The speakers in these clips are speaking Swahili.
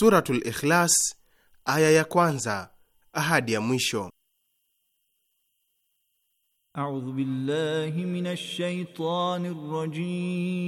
Suratul Ikhlas aya ya kwanza hadi ya mwisho. A'udhu billahi minash shaitani rrajim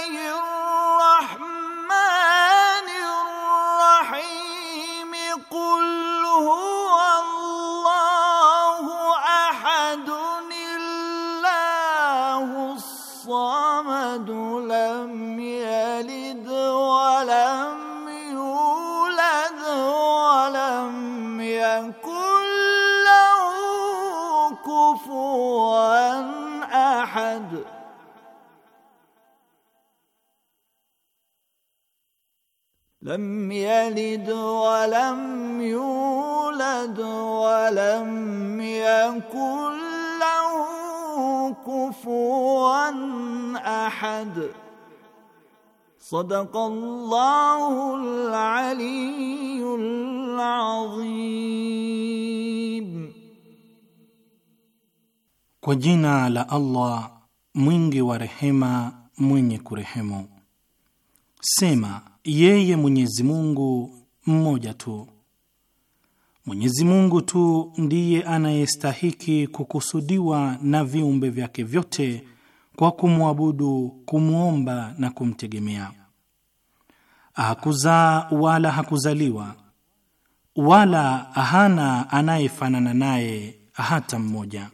لم يلد ولم يولد ولم يكن له كفوا احد صدق الله العلي العظيم وجينا لا الله مينغي ورحمه مني كرهمه سيما yeye Mwenyezi Mungu mmoja tu. Mwenyezi Mungu tu ndiye anayestahiki kukusudiwa na viumbe vyake vyote kwa kumwabudu, kumwomba na kumtegemea. Hakuzaa wala hakuzaliwa wala hana anayefanana naye hata mmoja.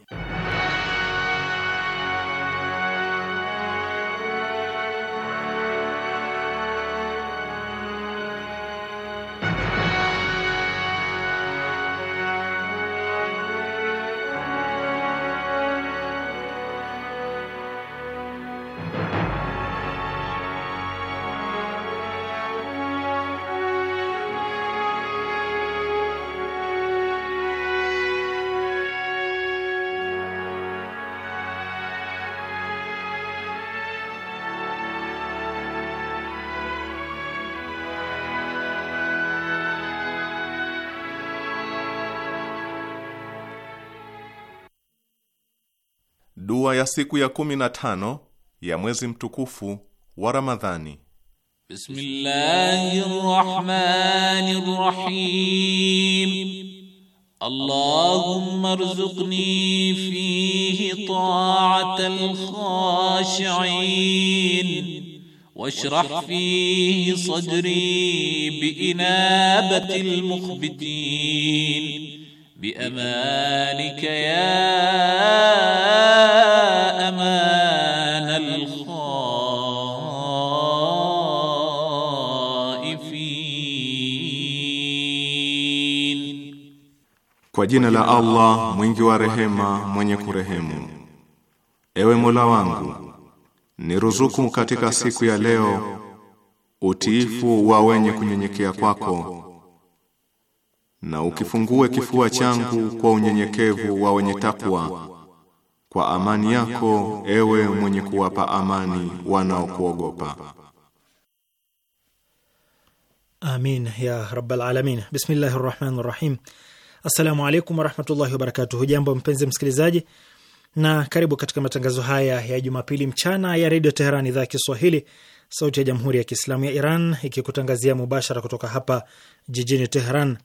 dua ya siku ya kumi na tano ya mwezi mtukufu wa Ramadhani. Bismillahir Rahmanir Rahim. Allahumma rzuqni fihi ta'atal khashi'in واشرح فيه صدري بإنابة المخبتين بأمانك ya kwa jina la Allah mwingi wa rehema mwenye kurehemu. Ewe Mola wangu, niruzuku katika siku ya leo utiifu wa wenye kunyenyekea kwako na ukifungue kifua changu kwa unyenyekevu wa wenye takwa kwa amani yako, ewe mwenye kuwapa amani wanaokuogopa. Amin ya rabbal alamin. Bismillahir rahmanir rahim. Assalamu alaikum warahmatullahi wabarakatuh. Hujambo mpenzi msikilizaji, na karibu katika matangazo haya ya Jumapili mchana ya redio Teheran, idhaa ya Kiswahili, sauti ya jamhuri ya Kiislamu ya Iran, ikikutangazia mubashara kutoka hapa jijini Teheran.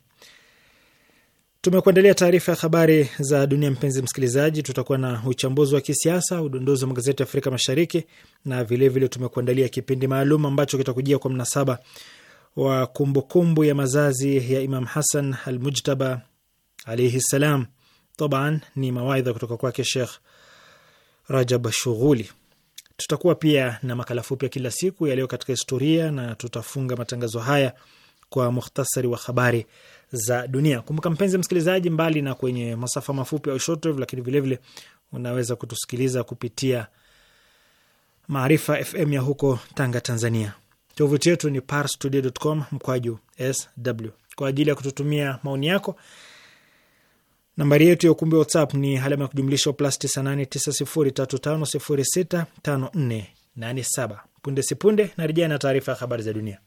Tumekuandalia taarifa ya habari za dunia. Mpenzi msikilizaji, tutakuwa na uchambuzi wa kisiasa, udondozi wa magazeti ya Afrika Mashariki, na vilevile tumekuandalia kipindi maalum ambacho kitakujia kwa mnasaba wa kumbukumbu kumbu ya mazazi ya Imam Hasan al Mujtaba alaihi ssalam. Taban ni mawaidha kutoka kwake Shekh Rajab Shughuli. Tutakuwa pia na makala fupi ya kila siku yaliyo katika historia, na tutafunga matangazo haya kwa mukhtasari wa habari za dunia. Kumbuka mpenzi msikilizaji, mbali na kwenye masafa mafupi au shortwave, lakini vilevile unaweza kutusikiliza kupitia Maarifa FM ya huko Tanga, Tanzania. Tovuti yetu ni parstoday.com mkwaju sw. Kwa ajili ya kututumia maoni yako, nambari yetu ya ukumbi wa WhatsApp ni alama ya kujumlisha plus 989035065487. Punde sipunde narejea na taarifa ya habari za dunia.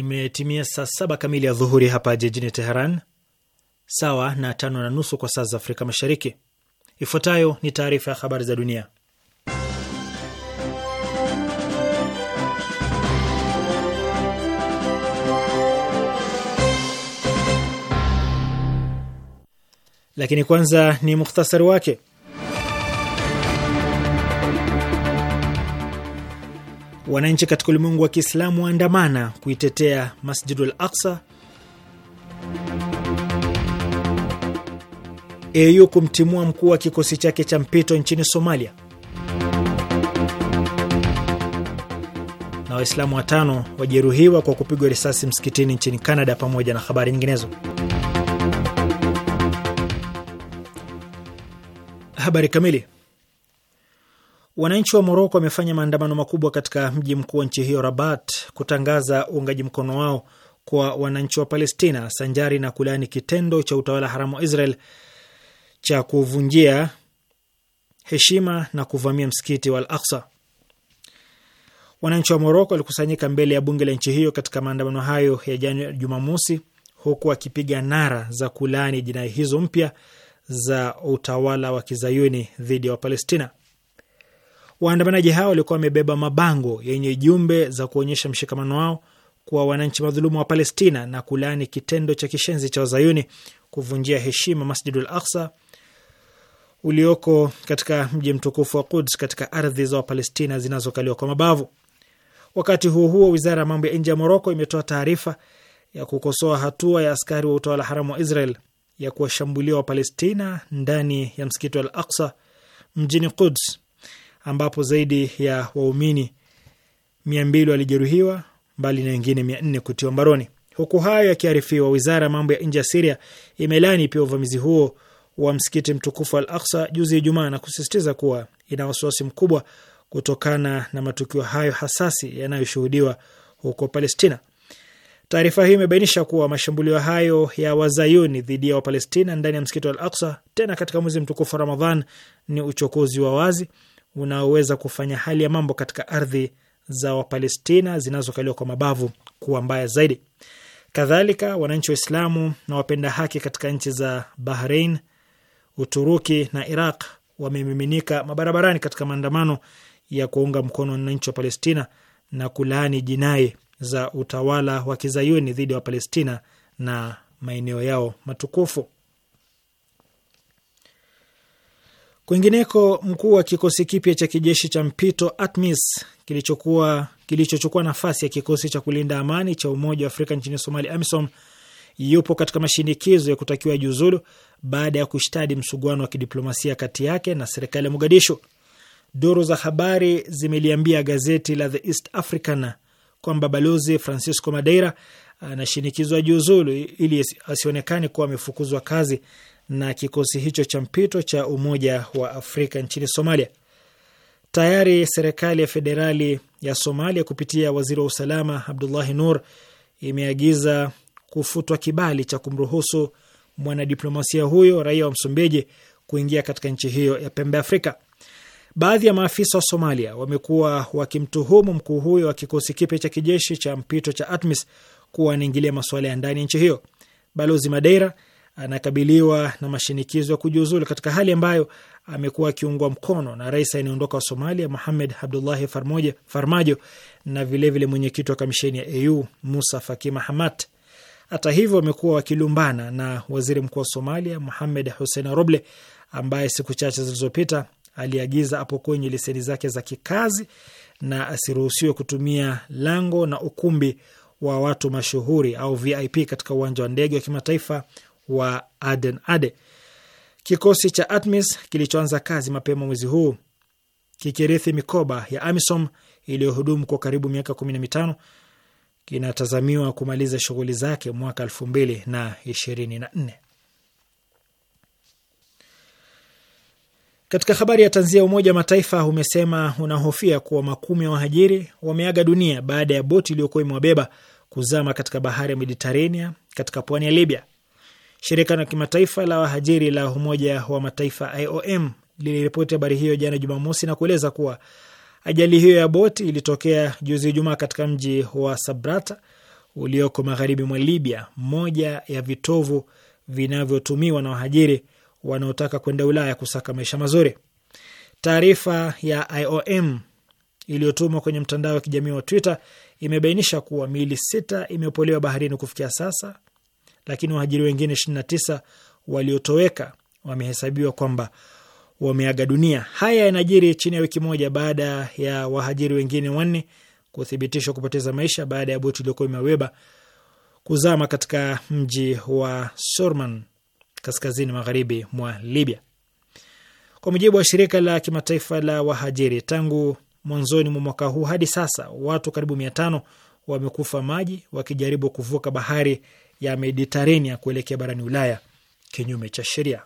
Imetimia saa saba kamili ya dhuhuri hapa jijini Teheran, sawa na tano na nusu kwa saa za Afrika Mashariki. Ifuatayo ni taarifa ya habari za dunia, lakini kwanza ni mukhtasari wake. Wananchi katika ulimwengu wa Kiislamu waandamana kuitetea Masjidul Aqsa. AU kumtimua mkuu wa kikosi chake cha mpito nchini Somalia. Na Waislamu watano wajeruhiwa kwa kupigwa risasi msikitini nchini Canada, pamoja na habari nyinginezo. Habari kamili Wananchi wa Moroko wamefanya maandamano makubwa katika mji mkuu wa nchi hiyo Rabat, kutangaza uungaji mkono wao kwa wananchi wa Palestina sanjari na kulaani kitendo cha utawala haramu wa Israel cha kuvunjia heshima na kuvamia msikiti wa Al Aksa. Wananchi wa Moroko walikusanyika mbele ya bunge la nchi hiyo katika maandamano hayo ya jana Jumamosi, huku wakipiga nara za kulaani jinai hizo mpya za utawala wa kizayuni dhidi ya Wapalestina. Waandamanaji hao walikuwa wamebeba mabango yenye jumbe za kuonyesha mshikamano wao kwa wananchi madhulumu wa Palestina na kulaani kitendo cha kishenzi cha wazayuni kuvunjia heshima Masjidul Aqsa ulioko katika mji mtukufu wa Quds katika ardhi za Wapalestina zinazokaliwa kwa mabavu. Wakati huo huo, wizara ya mambo ya nje ya Moroko imetoa taarifa ya kukosoa hatua ya askari wa utawala haramu wa Israel ya kuwashambulia Wapalestina ndani ya msikiti wa Al Aqsa mjini Quds ambapo zaidi ya waumini mia mbili walijeruhiwa mbali na wengine mia nne kutiwa mbaroni. Huku hayo yakiarifiwa, wizara ya mambo ya nje ya Siria imelani pia uvamizi huo wa msikiti mtukufu Al Aksa juzi Ijumaa na kusisitiza kuwa ina wasiwasi mkubwa kutokana na matukio hayo hasasi yanayoshuhudiwa huko Palestina. Taarifa hiyo imebainisha kuwa mashambulio hayo ya wazayuni dhidi ya Wapalestina ndani ya msikiti wa Al Aksa, tena katika mwezi mtukufu wa Ramadhan, ni uchokozi wa wazi unaoweza kufanya hali ya mambo katika ardhi za Wapalestina zinazokaliwa kwa mabavu kuwa mbaya zaidi. Kadhalika, wananchi Waislamu na wapenda haki katika nchi za Bahrain, Uturuki na Iraq wamemiminika mabarabarani katika maandamano ya kuunga mkono wananchi wa Palestina na kulaani jinai za utawala wa kizayuni dhidi ya Wapalestina na maeneo yao matukufu. Kwingineko, mkuu wa kikosi kipya cha kijeshi cha mpito ATMIS kilichokuwa kilichochukua nafasi ya kikosi cha kulinda amani cha Umoja wa Afrika nchini Somalia, AMISOM, yupo katika mashinikizo ya kutakiwa juzulu baada ya kushtadi msuguano wa kidiplomasia kati yake na serikali ya Mogadishu. Duru za habari zimeliambia gazeti la The East African kwamba balozi Francisco Madeira anashinikizwa juzulu ili asionekane kuwa amefukuzwa kazi na kikosi hicho cha mpito cha Umoja wa Afrika nchini Somalia. Tayari serikali ya federali ya Somalia kupitia waziri wa usalama Abdullahi Nur imeagiza kufutwa kibali cha kumruhusu mwanadiplomasia huyo raia wa Msumbiji kuingia katika nchi hiyo ya pembe Afrika. Baadhi ya maafisa wa Somalia wamekuwa wakimtuhumu mkuu huyo wa kikosi kipya cha kijeshi cha mpito cha ATMIS kuwa anaingilia masuala ya ndani ya nchi hiyo. Balozi Madeira anakabiliwa na mashinikizo ya kujiuzulu katika hali ambayo amekuwa akiungwa mkono na rais anayeondoka wa Somalia Mohamed Abdullahi Farmoja, Farmajo na vilevile mwenyekiti wa kamisheni ya AU Musa Faki Mahamat. Hata hivyo, wamekuwa wakilumbana na waziri mkuu wa Somalia Mohamed Hussein Roble ambaye siku chache zilizopita aliagiza apokonywe leseni zake za kikazi na asiruhusiwe kutumia lango na ukumbi wa watu mashuhuri au VIP katika uwanja wa ndege wa kimataifa wa Aden Ade. Kikosi cha ATMIS kilichoanza kazi mapema mwezi huu kikirithi mikoba ya AMISOM iliyohudumu kwa karibu miaka kumi na mitano kinatazamiwa kumaliza shughuli zake mwaka elfu mbili na ishirini na nne. Katika habari ya tanzia, Umoja wa Mataifa umesema unahofia kuwa makumi ya wahajiri wameaga dunia baada ya boti iliyokuwa imewabeba kuzama katika bahari ya Mediterania katika pwani ya Libya. Shirika la kimataifa la wahajiri la Umoja wa Mataifa IOM liliripoti habari hiyo jana Jumamosi na kueleza kuwa ajali hiyo ya boti ilitokea juzi Ijumaa katika mji wa Sabrata ulioko magharibi mwa Libya, moja ya vitovu vinavyotumiwa na wahajiri wanaotaka kwenda Ulaya kusaka maisha mazuri. Taarifa ya IOM iliyotumwa kwenye mtandao wa kijamii wa Twitter imebainisha kuwa miili sita imeopolewa baharini kufikia sasa lakini wahajiri wengine 29 waliotoweka wamehesabiwa kwamba wameaga dunia. Haya yanajiri chini ya wiki moja baada ya wahajiri wengine wanne kuthibitishwa kupoteza maisha baada ya boti iliyokuwa imewabeba kuzama katika mji wa Surman kaskazini magharibi mwa Libya. Kwa mujibu wa shirika la kimataifa la wahajiri, tangu mwanzoni mwa mwaka huu hadi sasa watu karibu mia tano wamekufa maji wakijaribu kuvuka bahari ya Mediterania kuelekea barani Ulaya kinyume cha sheria.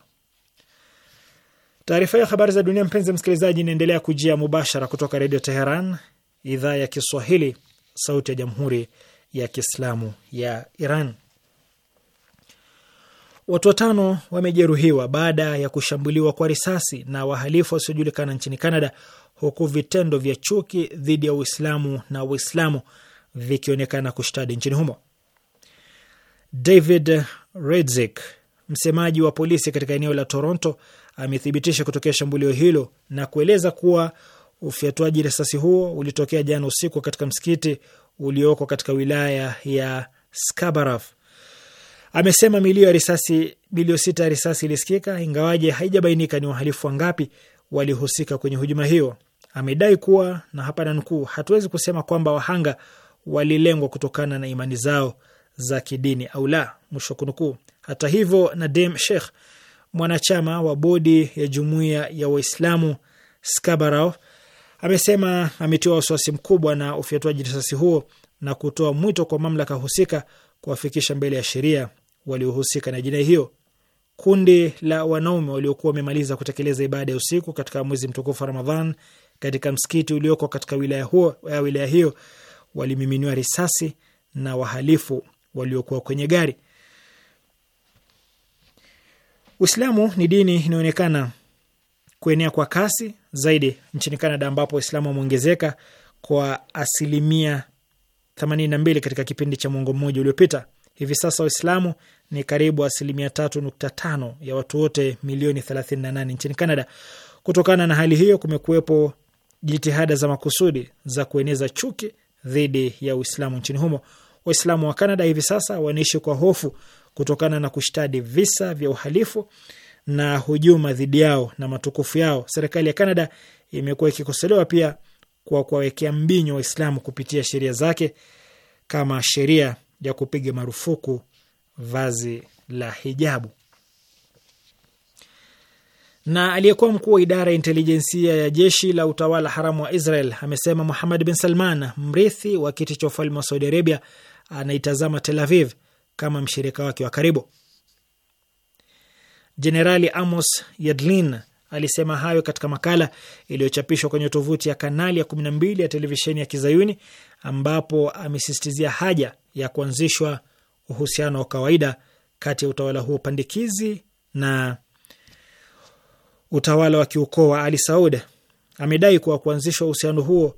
Taarifa ya habari za dunia, mpenzi msikilizaji, inaendelea kujia mubashara kutoka Redio Teheran, idhaa ya Kiswahili, sauti ya Jamhuri ya Kiislamu ya Iran. Watu watano wamejeruhiwa baada ya kushambuliwa kwa risasi na wahalifu wasiojulikana nchini Canada, huku vitendo vya chuki dhidi ya Uislamu na uislamu vikionekana kushtadi nchini humo. David Redzik, msemaji wa polisi katika eneo la Toronto, amethibitisha kutokea shambulio hilo na kueleza kuwa ufyatuaji risasi huo ulitokea jana usiku katika msikiti ulioko katika wilaya ya Skabaraf. Amesema milio ya risasi, milio sita ya risasi ilisikika, ingawaje haijabainika ni wahalifu wangapi walihusika kwenye hujuma hiyo. Amedai kuwa na hapa nanukuu, hatuwezi kusema kwamba wahanga walilengwa kutokana na imani zao za kidini au la, mwisho kunukuu. Hata hivyo, Nadem Sheikh, mwanachama wa bodi ya jumuiya ya Waislamu Skabarao, amesema ametiwa wasiwasi mkubwa na ufyatuaji risasi huo na kutoa mwito kwa mamlaka husika kuwafikisha mbele ya sheria waliohusika na jinai hiyo. Kundi la wanaume waliokuwa wamemaliza kutekeleza ibada ya usiku katika mwezi mtukufu wa Ramadhan katika msikiti ulioko katika wilaya, huo, eh, wilaya hiyo walimiminiwa risasi na wahalifu waliokuwa kwenye gari. Uislamu ni dini inaonekana kuenea kwa kasi zaidi nchini Canada, ambapo Waislamu wameongezeka kwa asilimia 82 katika kipindi cha mwongo mmoja uliopita. Hivi sasa Waislamu ni karibu asilimia 3.5 ya watu wote milioni 38 nchini Kanada. Kutokana na hali hiyo, kumekuwepo jitihada za makusudi za kueneza chuki dhidi ya Uislamu nchini humo. Waislamu wa Kanada hivi sasa wanaishi kwa hofu kutokana na kushtadi visa vya uhalifu na hujuma dhidi yao na matukufu yao. Serikali ya Kanada imekuwa ikikosolewa pia kwa kuwawekea mbinyo Waislamu kupitia sheria zake kama sheria ya kupiga marufuku vazi la hijabu. Na aliyekuwa mkuu wa idara ya intelijensia ya jeshi la utawala haramu wa Israel amesema Muhammad bin Salman, mrithi wa kiti cha ufalme wa Saudi Arabia, anaitazama Tel Aviv kama mshirika wake wa karibu. Jenerali Amos Yadlin alisema hayo katika makala iliyochapishwa kwenye tovuti ya kanali ya 12 ya televisheni ya Kizayuni, ambapo amesisitizia haja ya kuanzishwa uhusiano wa kawaida kati ya utawala huo pandikizi na utawala wa kiukoo wa Ali Saud. Amedai kuwa kuanzishwa uhusiano huo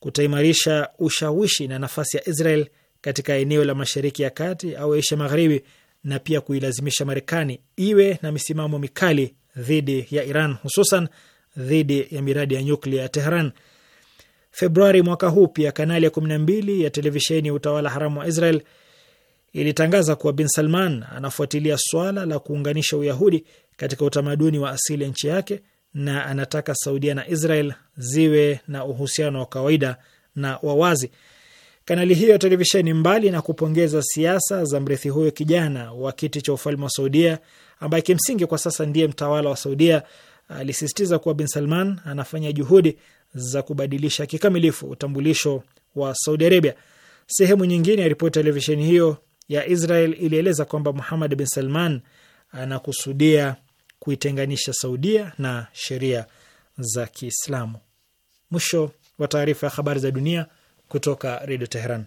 kutaimarisha ushawishi na nafasi ya Israel katika eneo la Mashariki ya Kati au Asia Magharibi, na pia kuilazimisha Marekani iwe na misimamo mikali dhidi ya Iran, hususan dhidi ya miradi ya nyuklia ya Tehran. Februari mwaka huu pia kanali ya mbili ya televisheni ya utawala haramu wa Israel ilitangaza kuwa Bin Salman anafuatilia swala la kuunganisha Uyahudi katika utamaduni wa asili ya nchi yake na anataka Saudia na Israel ziwe na uhusiano wa kawaida na wawazi. Kanali hiyo ya televisheni, mbali na kupongeza siasa za mrithi huyo kijana wa kiti cha ufalme wa Saudia ambaye kimsingi kwa sasa ndiye mtawala wa Saudia, alisisitiza kuwa Bin Salman anafanya juhudi za kubadilisha kikamilifu utambulisho wa Saudi Arabia. Sehemu nyingine ya ripoti ya televisheni hiyo ya Israel ilieleza kwamba Muhammad Bin Salman anakusudia kuitenganisha Saudia na sheria za Kiislamu. Mwisho wa taarifa ya habari za dunia kutoka Redio Teheran.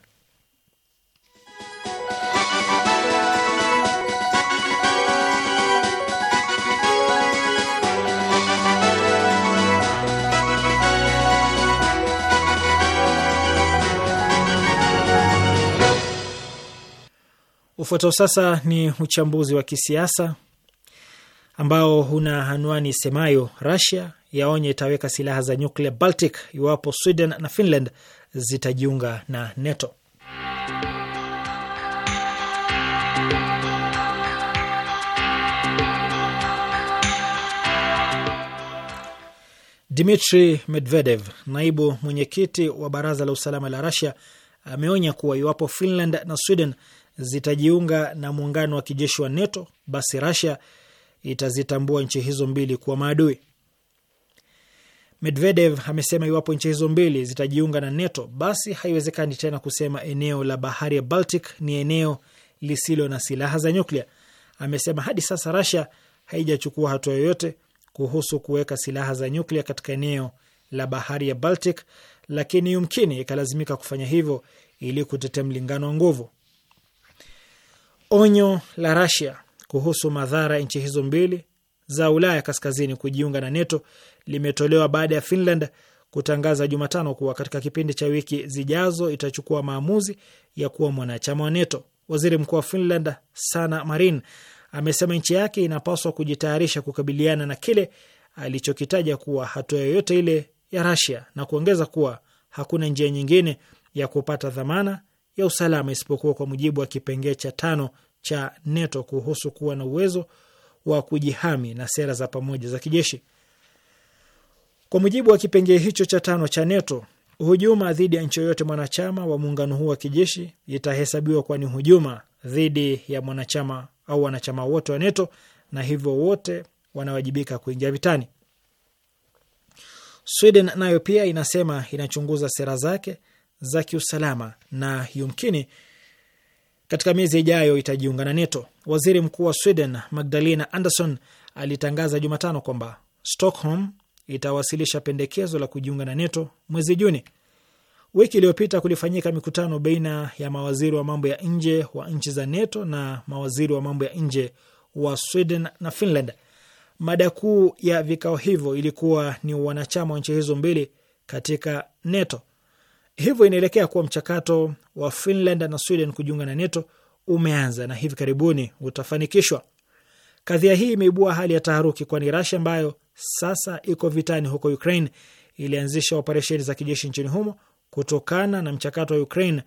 Ufuatao sasa ni uchambuzi wa kisiasa ambao una anwani semayo Russia yaonye itaweka silaha za nyuklia Baltic iwapo Sweden na Finland zitajiunga na NATO. Dmitri Medvedev, naibu mwenyekiti wa baraza la usalama la Rasia, ameonya kuwa iwapo Finland na Sweden zitajiunga na muungano wa kijeshi wa NATO, basi Rasia itazitambua nchi hizo mbili kuwa maadui. Medvedev amesema iwapo nchi hizo mbili zitajiunga na NATO basi haiwezekani tena kusema eneo la bahari ya Baltic ni eneo lisilo na silaha za nyuklia. Amesema hadi sasa Russia haijachukua hatua yoyote kuhusu kuweka silaha za nyuklia katika eneo la bahari ya Baltic, lakini yumkini ikalazimika kufanya hivyo ili kutetea mlingano wa nguvu. Onyo la Russia kuhusu madhara ya nchi hizo mbili za Ulaya kaskazini kujiunga na NATO limetolewa baada ya Finland kutangaza Jumatano kuwa katika kipindi cha wiki zijazo itachukua maamuzi ya kuwa mwanachama wa NATO. Waziri mkuu wa Finland Sanna Marin amesema nchi yake inapaswa kujitayarisha kukabiliana na kile alichokitaja kuwa hatua yoyote ile ya Rasia na kuongeza kuwa hakuna njia nyingine ya kupata dhamana ya usalama isipokuwa kwa mujibu wa kipengee cha tano cha NATO kuhusu kuwa na uwezo wa kujihami na sera za pamoja za kijeshi. Kwa mujibu wa kipengee hicho cha tano cha NATO, hujuma dhidi ya nchi yoyote mwanachama wa muungano huu wa kijeshi itahesabiwa kuwa ni hujuma dhidi ya mwanachama au wanachama wote wa NATO, na hivyo wote wanawajibika kuingia vitani. Sweden nayo pia inasema inachunguza sera zake za kiusalama na yumkini katika miezi ijayo itajiunga na NATO. Waziri Mkuu wa Sweden Magdalena Anderson alitangaza Jumatano kwamba Stockholm itawasilisha pendekezo la kujiunga na NATO mwezi Juni. Wiki iliyopita kulifanyika mikutano baina ya mawaziri wa mambo ya nje wa nchi za NATO na mawaziri wa mambo ya nje wa Sweden na Finland. Mada kuu ya vikao hivyo ilikuwa ni wanachama wa nchi hizo mbili katika NATO. Hivyo inaelekea kuwa mchakato wa Finland na Sweden kujiunga na NATO umeanza na hivi karibuni utafanikishwa. Kadhia hii imeibua hali ya taharuki, kwani Rasia ambayo sasa iko vitani huko Ukraine ilianzisha operesheni za kijeshi nchini humo kutokana na mchakato wa Ukraine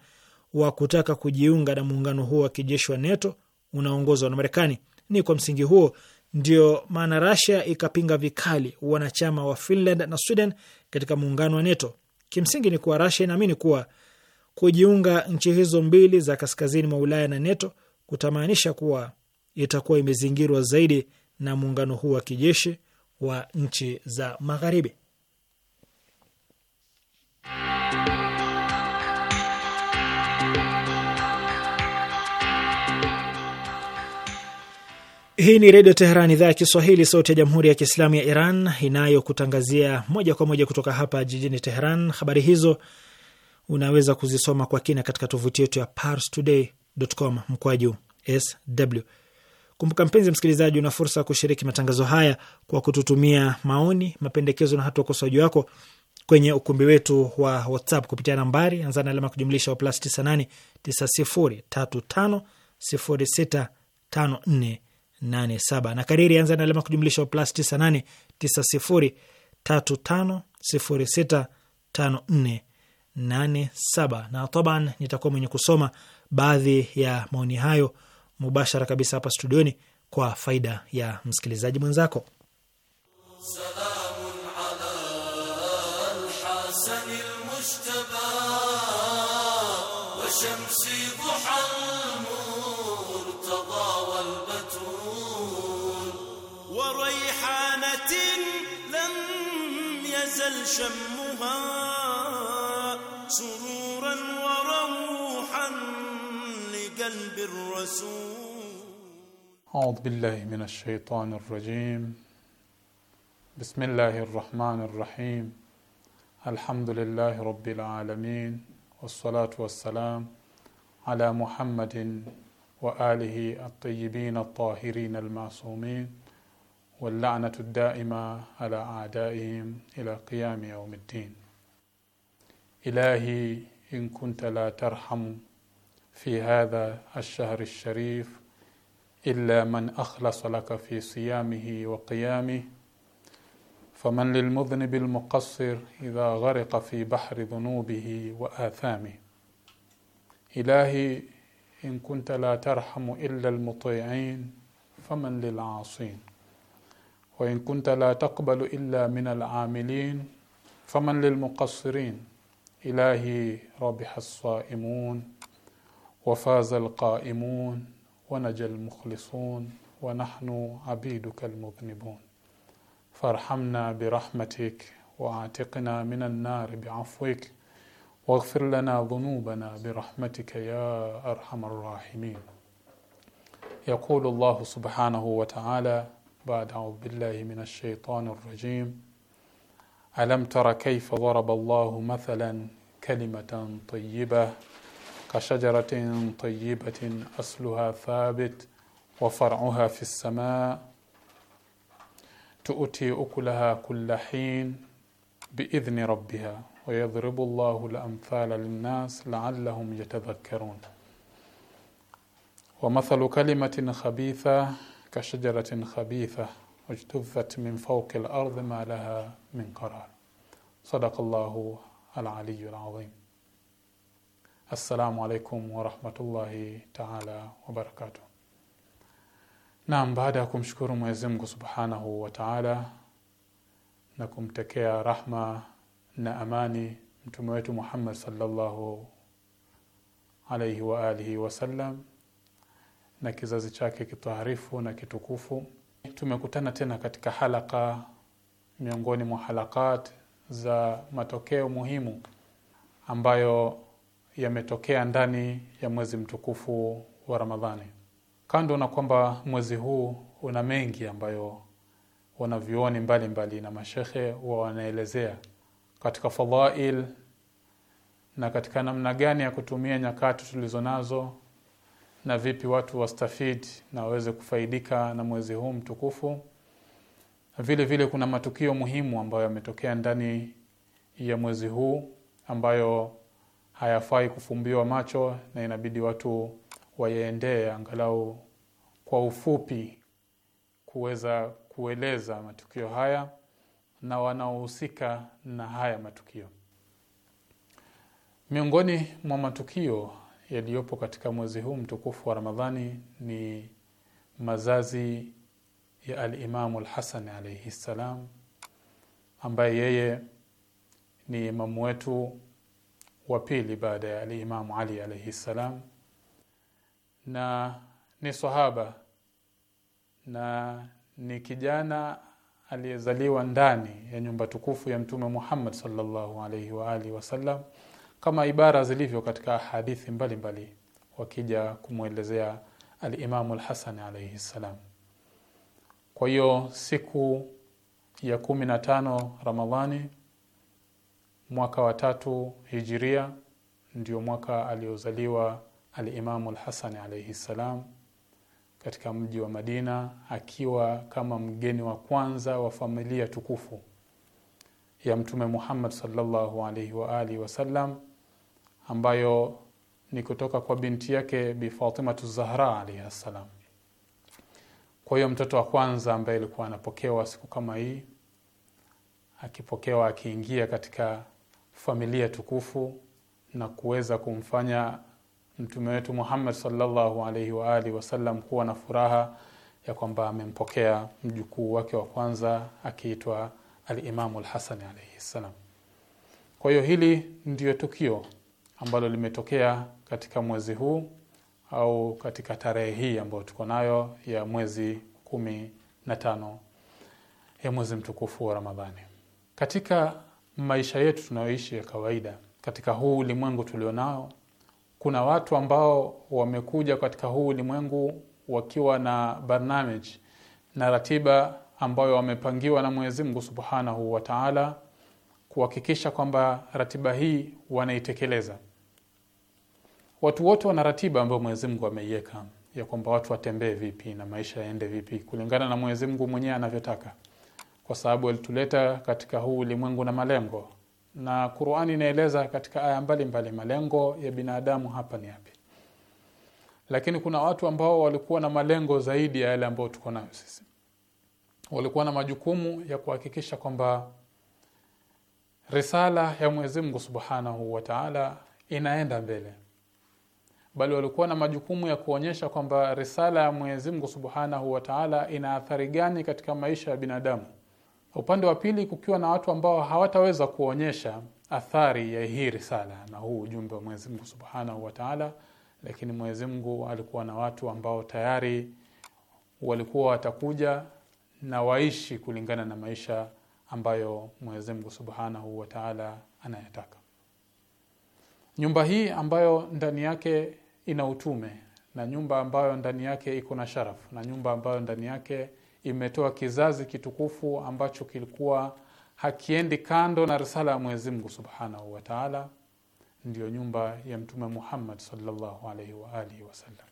wa kutaka kujiunga na muungano huo wa kijeshi wa NATO unaoongozwa na Marekani. Ni kwa msingi huo ndio maana Russia ikapinga vikali wanachama wa Finland na Sweden katika muungano wa NATO. Kimsingi ni kuwa Russia inaamini kuwa kujiunga nchi hizo mbili za kaskazini mwa Ulaya na NATO kutamaanisha kuwa itakuwa imezingirwa zaidi na muungano huu wa kijeshi wa nchi za Magharibi. Hii ni Redio Teheran, idhaa ya Kiswahili, sauti ya Jamhuri ya Kiislamu ya Iran, inayokutangazia moja kwa moja kutoka hapa jijini Teheran. Habari hizo unaweza kuzisoma kwa kina katika tovuti yetu ya parstoday.com mkwaju sw Kumbuka mpenzi msikilizaji, una fursa ya kushiriki matangazo haya kwa kututumia maoni, mapendekezo na hata ukosoaji wako kwenye ukumbi wetu wa WhatsApp kupitia nambari, anza na alama kujumlisha wa plus 98 87 na kariri, anza na alama kujumlisha wa plus 98 87 na taban, nitakuwa mwenye kusoma baadhi ya maoni hayo mubashara kabisa hapa studioni kwa faida ya msikilizaji mwenzako. لم يزل شمها رسول أعوذ بالله من الشيطان الرجيم بسم الله الرحمن الرحيم الحمد لله رب العالمين والصلاة والسلام على محمد وآله الطيبين الطاهرين المعصومين واللعنة الدائمة على أعدائهم إلى قيام يوم الدين إلهي إن كنت لا ترحم في هذا الشهر الشريف الا من اخلص لك في صيامه وقيامه فمن للمذنب المقصر اذا غرق في بحر ذنوبه واثامه الهي ان كنت لا ترحم الا المطيعين فمن للعاصين وان كنت لا تقبل الا من العاملين فمن للمقصرين الهي ربح الصائمون وفاز القائمون ونجا المخلصون ونحن عبيدك المذنبون فارحمنا برحمتك واعتقنا من النار بعفوك واغفر لنا ذنوبنا برحمتك يا ارحم الراحمين يقول الله سبحانه وتعالى بعد اعوذ بالله من الشيطان الرجيم الم تر كيف ضرب الله مثلا كلمه طيبه كشجرة طيبة أصلها ثابت وفرعها في السماء تؤتي أكلها كل حين بإذن ربها ويضرب الله الأمثال للناس لعلهم يتذكرون ومثل كلمة خبيثة كشجرة خبيثة اجتثت من فوق الأرض ما لها من قرار صدق الله العلي العظيم assalamu alaikum warahmatullahi taala wabarakatuh naam baada ya kumshukuru mwenyezi mungu subhanahu wa taala na kumtekea rahma na amani mtume wetu muhammad salllahu alaihi alihi wasallam na kizazi chake kitaharifu na kitukufu tumekutana tena katika halaka miongoni mwa halakat za matokeo muhimu ambayo yametokea ndani ya mwezi mtukufu wa Ramadhani. Kando na kwamba mwezi huu una mengi ambayo wanavyuoni mbalimbali na mashehe wa wanaelezea katika fadhail na katika namna gani ya kutumia nyakati tulizo nazo na vipi watu wastafidi na waweze kufaidika na mwezi huu mtukufu. Vile vile kuna matukio muhimu ambayo yametokea ndani ya mwezi huu ambayo hayafai kufumbiwa macho na inabidi watu wayeendee angalau kwa ufupi kuweza kueleza matukio haya na wanaohusika na haya matukio. Miongoni mwa matukio yaliyopo katika mwezi huu mtukufu wa Ramadhani ni mazazi ya Alimamu Lhasan alaihi ssalam, ambaye yeye ni imamu wetu wa pili baada ya alimamu Ali alaihi salam na ni sahaba na ni kijana aliyezaliwa ndani ya nyumba tukufu ya mtume Muhammad sallallahu alaihi wa alihi wasallam kama ibara zilivyo katika hadithi mbalimbali wakija kumwelezea alimamu Alhasan alaihi salam. Kwa hiyo siku ya kumi na tano Ramadhani mwaka wa tatu hijiria ndio mwaka aliozaliwa alimamu lhasani alaihi ssalam katika mji wa Madina akiwa kama mgeni wa kwanza wa familia tukufu ya Mtume Muhammad sallallahu alaihi wa alihi wasallam ambayo ni kutoka kwa binti yake Bi Fatimatu Zahra alaihi ssalam. Kwa hiyo mtoto wa kwanza ambaye alikuwa anapokewa siku kama hii, akipokewa akiingia katika familia tukufu na kuweza kumfanya mtume wetu Muhammad sallallahu alaihi wa alihi wasallam kuwa na furaha ya kwamba amempokea mjukuu wake wa kwanza akiitwa Alimamu lhasani alaihi ssalam. Kwa hiyo hili ndiyo tukio ambalo limetokea katika mwezi huu au katika tarehe hii ambayo tuko nayo ya mwezi kumi na tano ya mwezi mtukufu wa Ramadhani. Katika maisha yetu tunayoishi ya kawaida katika huu ulimwengu tulionao. Kuna watu ambao wamekuja katika huu ulimwengu wakiwa na barnamiji na ratiba ambayo wamepangiwa na Mwenyezi Mungu Subhanahu wa Ta'ala, kuhakikisha kwamba ratiba hii wanaitekeleza. Watu wote wana ratiba ambayo Mwenyezi Mungu ameiweka ya kwamba watu watembee vipi na maisha yaende vipi kulingana na Mwenyezi Mungu mwenyewe anavyotaka kwa sababu alituleta katika huu ulimwengu na malengo na Qurani inaeleza katika aya mbalimbali malengo ya binadamu hapa ni yapi. Lakini kuna watu ambao walikuwa na malengo zaidi ya yale ambayo tuko nayo sisi, walikuwa na majukumu ya kuhakikisha kwamba risala ya Mwenyezi Mungu Subhanahu wa Ta'ala inaenda mbele, bali walikuwa na majukumu ya kuonyesha kwamba risala ya Mwenyezi Mungu Subhanahu wa Ta'ala ina athari gani katika maisha ya binadamu Upande wa pili kukiwa na watu ambao hawataweza kuonyesha athari ya hii risala na huu ujumbe wa Mwenyezi Mungu Subhanahu wa Ta'ala, lakini Mwenyezi Mungu alikuwa na watu ambao tayari walikuwa watakuja na waishi kulingana na maisha ambayo Mwenyezi Mungu Subhanahu wa Ta'ala anayataka. Nyumba hii ambayo ndani yake ina utume na nyumba ambayo ndani yake iko na sharafu na nyumba ambayo ndani yake imetoa kizazi kitukufu ambacho kilikuwa hakiendi kando na risala ya Mwenyezi Mungu Subhanahu wa Ta'ala, ndiyo nyumba ya Mtume Muhammad sallallahu alaihi wa alihi wasallam,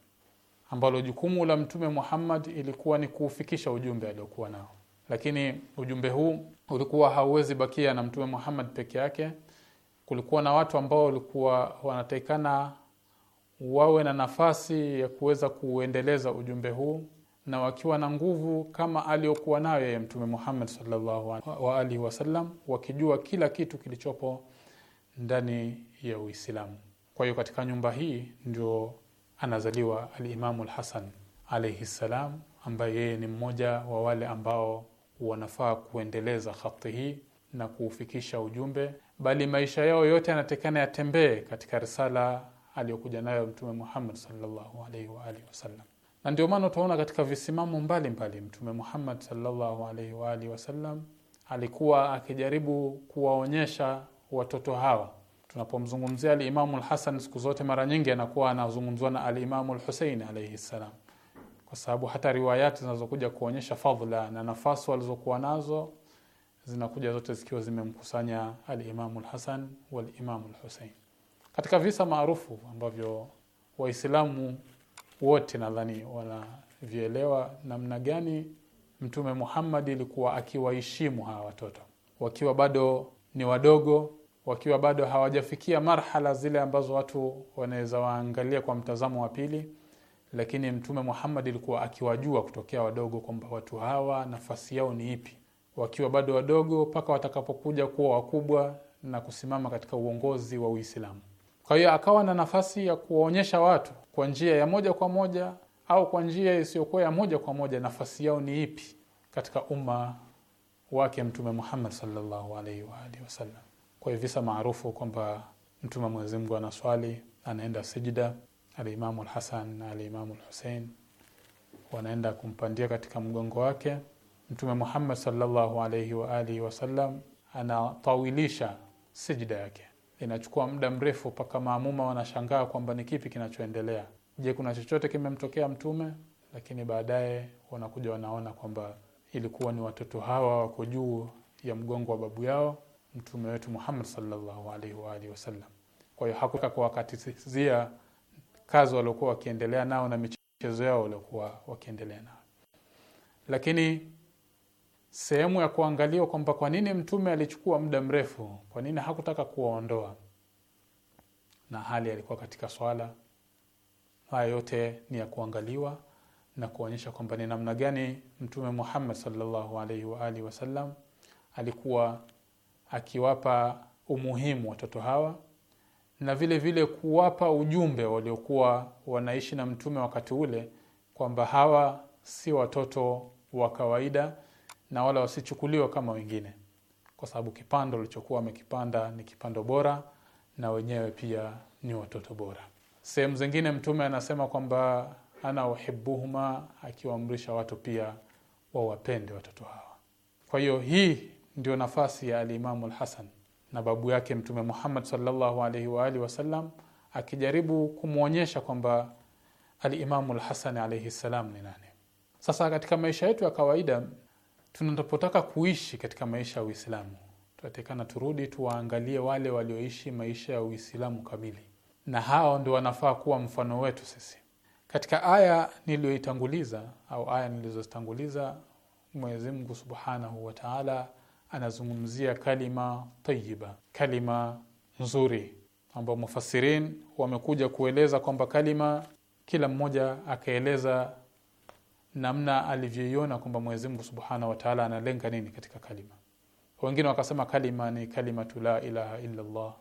ambalo jukumu la Mtume Muhammad ilikuwa ni kuufikisha ujumbe aliokuwa nao. Lakini ujumbe huu ulikuwa hauwezi bakia na Mtume Muhammad peke yake. Kulikuwa na watu ambao walikuwa wanatakikana wawe na nafasi ya kuweza kuuendeleza ujumbe huu na wakiwa na nguvu kama aliyokuwa nayo yeye Mtume Muhammad sallallahu wa alihi wasallam, wakijua kila kitu kilichopo ndani ya Uislamu. Kwa hiyo katika nyumba hii ndio anazaliwa Alimamu Lhasan alaihi ssalam, ambaye yeye ni mmoja wa wale ambao wanafaa kuendeleza khati hii na kuufikisha ujumbe, bali maisha yao yote yanatekana yatembee katika risala aliyokuja nayo Mtume Muhammad sallallahu alaihi wa alihi wasallam na ndio maana utaona katika visimamo mbalimbali Mtume Muhammad sallallahu alaihi wa alihi wasallam alikuwa akijaribu kuwaonyesha watoto hawa. Tunapomzungumzia Alimamu Lhasan siku zote, mara nyingi anakuwa anazungumzwa na Alimamu Lhusein alaihi ssalam, kwa sababu hata riwayati zinazokuja kuonyesha fadhila na nafasi walizokuwa nazo zinakuja zote zikiwa zimemkusanya Alimamu Lhasan walimamu Lhusein katika visa maarufu ambavyo Waislamu wote nadhani wanavyoelewa namna gani Mtume Muhammad ilikuwa akiwaheshimu hawa watoto wakiwa bado ni wadogo, wakiwa bado hawajafikia marhala zile ambazo watu wanaweza waangalia kwa mtazamo wa pili, lakini Mtume Muhammad ilikuwa akiwajua kutokea wadogo kwamba watu hawa nafasi yao ni ipi, wakiwa bado wadogo mpaka watakapokuja kuwa wakubwa na kusimama katika uongozi wa Uislamu. Kwa hiyo akawa na nafasi ya kuwaonyesha watu kwa njia ya moja kwa moja au kwa njia isiyokuwa ya moja kwa moja, nafasi yao ni ipi katika umma wake Mtume Muhammad sallallahu alaihi wa alihi wasallam. Kwa visa maarufu kwamba Mtume Mwenyezi Mungu anaswali, anaenda sijida, alimamu Alhasan na alimamu Alhusein wanaenda kumpandia katika mgongo wake. Mtume Muhammad sallallahu alaihi wa alihi wasallam anatawilisha sijida yake inachukua muda mrefu mpaka maamuma wanashangaa kwamba ni kipi kinachoendelea je kuna chochote kimemtokea mtume lakini baadaye wanakuja wanaona kwamba ilikuwa ni watoto hawa wako juu ya mgongo wa babu yao mtume wetu muhammad salllahu alaihi waalihi wasallam kwa hiyo hakuka kuwakatizia kazi waliokuwa wakiendelea nao na michezo yao waliokuwa wakiendelea nao lakini sehemu ya kuangalia kwamba kwa nini mtume alichukua muda mrefu, kwa nini hakutaka kuwaondoa na hali alikuwa katika swala. Haya yote ni ya kuangaliwa na kuonyesha kwamba ni namna gani Mtume Muhammad sallallahu alaihi wa alihi wasallam alikuwa akiwapa umuhimu watoto hawa na vile vile kuwapa ujumbe waliokuwa wanaishi na mtume wakati ule kwamba hawa si watoto wa kawaida na wala wasichukuliwe kama wengine, kwa sababu kipando walichokuwa wamekipanda ni kipando bora, na wenyewe pia ni watoto bora. Sehemu zingine Mtume anasema kwamba ana uhibuhuma, akiwaamrisha watu pia wawapende watoto hawa. Kwa hiyo hii ndio nafasi ya Alimamu lhasan na babu yake Mtume Muhammad sallallahu alaihi wa alihi wasallam, akijaribu kumwonyesha kwamba Alimamu Lhasani alaihi ssalam ni nani. Sasa katika maisha yetu ya kawaida tunapotaka kuishi katika maisha ya Uislamu tunatakikana turudi tuwaangalie wale walioishi maisha ya Uislamu kamili, na hao ndio wanafaa kuwa mfano wetu sisi. Katika aya niliyoitanguliza au aya nilizozitanguliza, Mwenyezi Mungu subhanahu wa taala anazungumzia kalima tayiba, kalima nzuri, ambao mufasirin wamekuja kueleza kwamba kalima, kila mmoja akaeleza namna alivyoiona kwamba Mwenyezi Mungu Subhanahu wa Ta'ala analenga nini katika kalima. Wengine wakasema kalima ni kalimatu la ilaha illa Allah,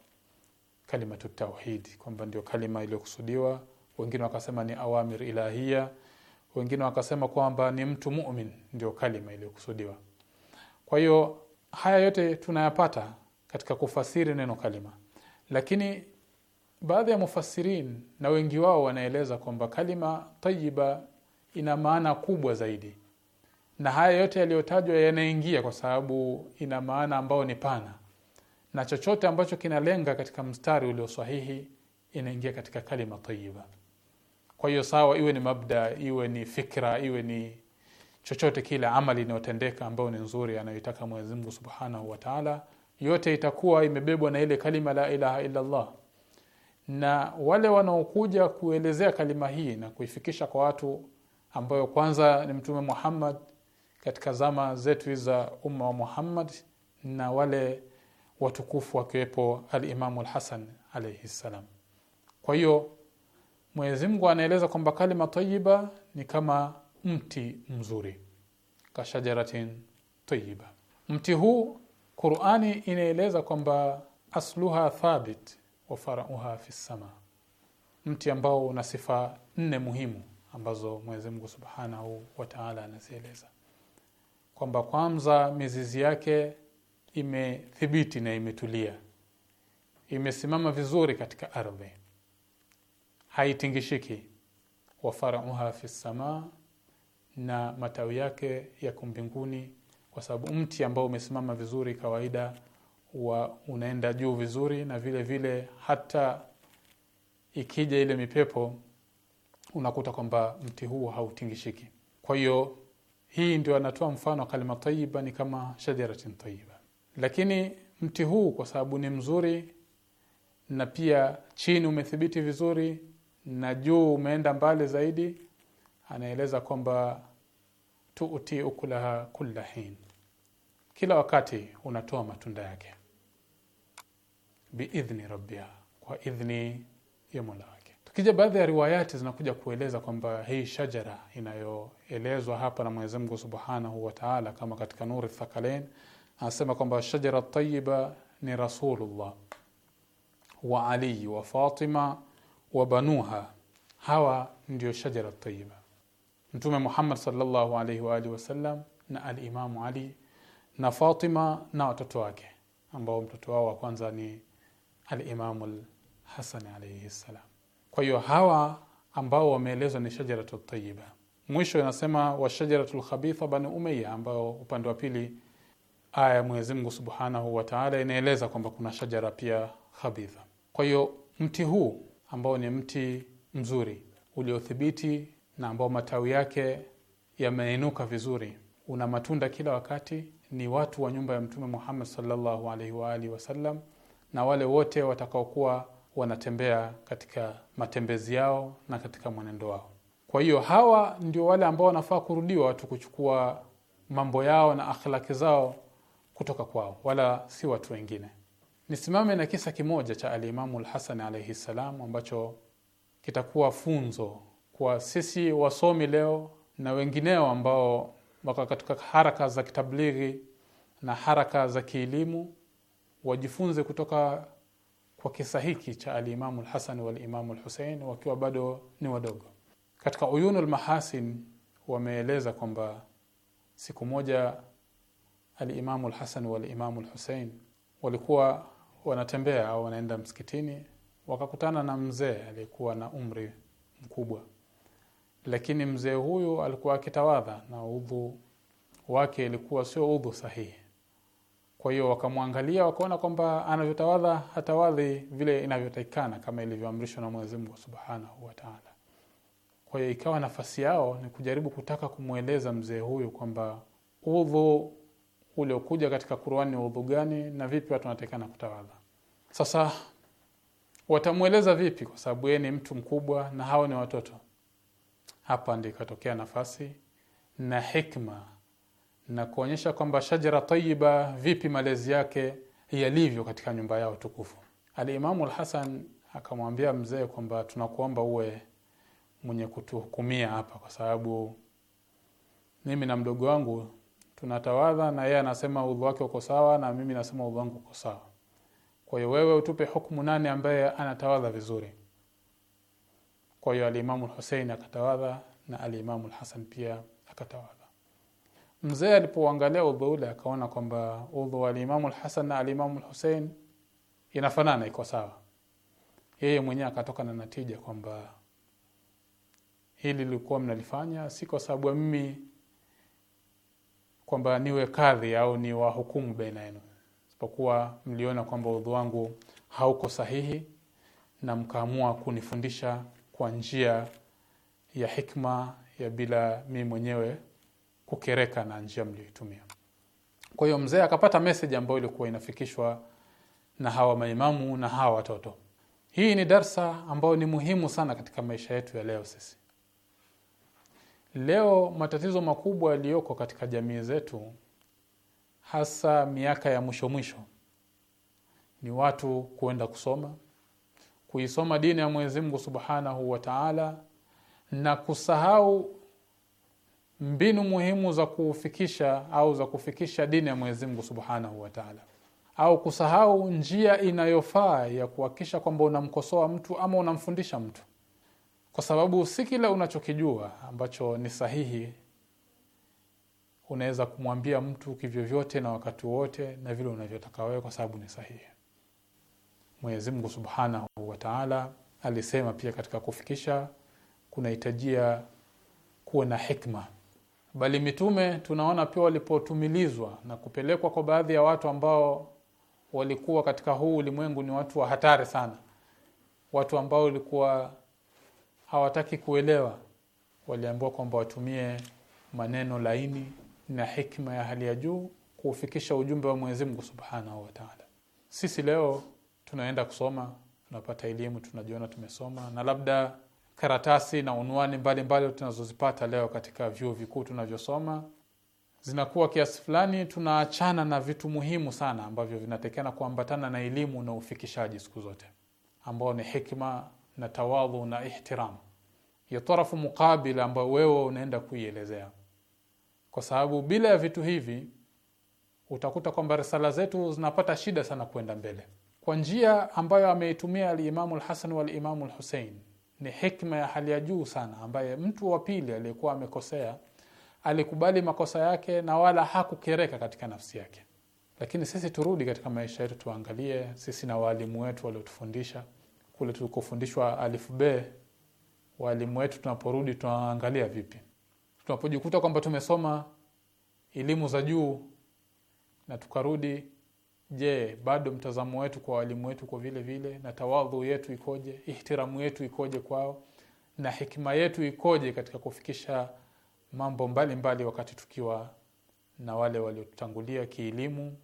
kalimatu tauhid, kwamba ndio kalima iliyokusudiwa. Wengine wakasema ni awamir ilahia, wengine wakasema kwamba ni mtu mu'min ndio kalima iliyokusudiwa. Kwa hiyo haya yote tunayapata katika kufasiri neno kalima, lakini baadhi ya mufasirin na wengi wao wanaeleza kwamba kalima tayyiba ina maana kubwa zaidi na haya yote yaliyotajwa yanaingia kwa sababu ina maana ambayo ni pana na chochote ambacho kinalenga katika mstari ulio sahihi inaingia katika kalima tayyiba. kwa hiyo sawa iwe ni mabda iwe ni fikra iwe ni chochote kile amali inayotendeka ambayo ni nzuri anayoitaka Mungu subhanahu Ta'ala, yote itakuwa imebebwa na ile kalima la ilaha Allah na wale wanaokuja kuelezea kalima hii na kuifikisha kwa watu ambayo kwanza ni mtume Muhammad katika zama zetu za umma wa Muhammad na wale watukufu wakiwepo alimamu lhasan alaihi ssalam. Kwa hiyo Mwenyezi Mungu anaeleza kwamba kalima tayiba ni kama mti mzuri, ka shajaratin tayiba. Mti huu Qurani inaeleza kwamba asluha thabit wa farauha fi ssama, mti ambao una sifa nne muhimu ambazo Mwenyezi Mungu Subhanahu wa Ta'ala anazieleza kwamba kwanza mizizi yake imethibiti na imetulia, imesimama vizuri katika ardhi, haitingishiki. wa faruha fi samaa, na matawi yake yako mbinguni, kwa sababu mti ambao umesimama vizuri kawaida wa unaenda juu vizuri, na vile vile hata ikija ile mipepo unakuta kwamba mti huo hautingishiki. Kwa hiyo hii ndio anatoa mfano kalima tayyiba ni kama shajaratin tayyiba. Lakini mti huu kwa sababu ni mzuri na pia chini umethibiti vizuri na juu umeenda mbali zaidi, anaeleza kwamba tuuti ukulaha kulla hin, kila wakati unatoa matunda yake biidhni rabbiha, kwa idhni ya Mola Tukija baadhi ya riwayati zinakuja kueleza kwamba hii shajara inayoelezwa hapa na Mwenyezi Mungu Subhanahu wa Ta'ala, kama katika Nuri Thakalain anasema kwamba shajara tayyiba ni Rasulullah wa Ali wa Fatima wa banuha, hawa ndio shajara tayyiba. Mtume Muhammad sallallahu alaihi wa alihi wasallam na al-Imam Ali na Fatima na watoto wake ambao mtoto wao wa kwanza ni al-Imam al-Hasan alaihi salam. Kwa hiyo hawa ambao wameelezwa ni shajaratu tayiba. Mwisho inasema wa shajaratu lkhabitha bani umeya, ambao upande wa pili aya ya Mwenyezi Mungu subhanahu wa taala inaeleza kwamba kuna shajara pia khabitha. Kwa hiyo mti huu ambao ni mti mzuri uliothibiti na ambao matawi yake yameinuka vizuri, una matunda kila wakati, ni watu wa nyumba ya Mtume Muhammad sallallahu alaihi wa alihi wasallam na wale wote watakaokuwa wanatembea katika matembezi yao na katika mwenendo wao. Kwa hiyo hawa ndio wale ambao wanafaa kurudiwa watu kuchukua mambo yao na akhlaki zao kutoka kwao, wala si watu wengine. Nisimame na kisa kimoja cha Alimamu Lhasani alaihi ssalam, ambacho kitakuwa funzo kwa sisi wasomi leo na wengineo ambao wako katika haraka za kitablighi na haraka za kielimu, wajifunze kutoka kwa kisa hiki cha alimamu lhasani walimamu lhusein wakiwa bado ni wadogo. Katika Uyunu lmahasin wameeleza kwamba siku moja alimamu lhasani walimamu lhusein walikuwa wanatembea au wanaenda msikitini, wakakutana na mzee aliyekuwa na umri mkubwa, lakini mzee huyu alikuwa akitawadha na udhu wake ilikuwa sio udhu sahihi kwa hiyo wakamwangalia wakaona kwamba anavyotawadha hatawadhi vile inavyotakikana kama ilivyoamrishwa na Mwenyezi Mungu Subhanahu wa Ta'ala. Kwa hiyo ikawa nafasi yao ni kujaribu kutaka kumweleza mzee huyu kwamba udhu uliokuja katika Qur'ani ni udhu gani na vipi watu wanatakikana kutawadha. Sasa watamweleza vipi kwa sababu yeye ni mtu mkubwa na hao ni watoto? Hapa ndipo ikatokea nafasi na hikma na kuonyesha kwamba shajara tayiba vipi malezi yake yalivyo katika nyumba yao tukufu. Alimamu Lhasan akamwambia mzee kwamba tunakuomba uwe mwenye kutuhukumia hapa, kwa sababu mimi na mdogo wangu tunatawadha na yeye anasema udhu wake uko sawa na mimi nasema udhu wangu uko sawa. Kwa hiyo wewe utupe hukumu nane ambaye anatawadha vizuri. Kwa hiyo Alimamu Lhusein akatawadha na Alimamu Lhasan pia akatawadha. Mzee alipoangalia udhu ule akaona kwamba udhu wa Alimamu Lhasan na Alimamu Lhusein inafanana, iko sawa. Yeye mwenyewe akatoka na natija kwamba hili lilikuwa mnalifanya si kwa sababu ya mimi kwamba niwe kadhi au ni wahukumu baina yenu, isipokuwa mliona kwamba udhu wangu hauko sahihi na mkaamua kunifundisha kwa njia ya hikma ya bila mimi mwenyewe kukereka na njia mliyoitumia. Kwa hiyo mzee akapata meseji ambayo ilikuwa inafikishwa na hawa maimamu na hawa watoto. Hii ni darsa ambayo ni muhimu sana katika maisha yetu ya leo. Sisi leo, matatizo makubwa yaliyoko katika jamii zetu, hasa miaka ya mwisho mwisho, ni watu kuenda kusoma, kuisoma dini ya Mwenyezi Mungu Subhanahu wa Ta'ala, na kusahau mbinu muhimu za kufikisha au za kufikisha dini ya Mwenyezi Mungu Subhanahu wa Ta'ala, au kusahau njia inayofaa ya kuhakikisha kwamba unamkosoa mtu ama unamfundisha mtu, kwa sababu si kila unachokijua ambacho ni sahihi unaweza kumwambia mtu kivyovyote na wakati wote na vile unavyotaka wewe, kwa sababu ni sahihi. Mwenyezi Mungu Subhanahu wa Ta'ala alisema pia katika kufikisha kunahitajia kuwa na hikma Bali mitume tunaona pia walipotumilizwa na kupelekwa kwa baadhi ya watu ambao walikuwa katika huu ulimwengu ni watu wa hatari sana, watu ambao walikuwa hawataki kuelewa, waliambiwa kwamba watumie maneno laini na hikma ya hali ya juu kuufikisha ujumbe wa Mwenyezi Mungu Subhanahu wa Ta'ala. Sisi leo tunaenda kusoma, tunapata elimu, tunajiona tumesoma na labda karatasi na unwani mbalimbali tunazozipata leo katika vyuo vikuu tunavyosoma zinakuwa kiasi fulani tunaachana na vitu muhimu sana ambavyo vinatekana kuambatana na elimu na ufikishaji siku zote ambao ni hikma na tawadhu na ihtiram ya tarafu mukabila ambayo wewe unaenda kuielezea kwa sababu bila ya vitu hivi utakuta kwamba risala zetu zinapata shida sana kwenda mbele kwa njia ambayo ameitumia alimamu lhasan wal'imamu lhusein ni hekima ya hali ya juu sana ambaye mtu wa pili aliyekuwa amekosea alikubali makosa yake na wala hakukereka katika nafsi yake lakini sisi turudi katika maisha yetu tuangalie sisi na waalimu wetu waliotufundisha kule tulikofundishwa alifu b waalimu wetu tunaporudi tunaangalia vipi tunapojikuta kwamba tumesoma elimu za juu na tukarudi je bado mtazamo wetu kwa walimu wetu kwa vile vile na tawadhu yetu ikoje ihtiramu yetu ikoje kwao na hikima yetu ikoje katika kufikisha mambo mbalimbali mbali wakati tukiwa na wale waliotutangulia kielimu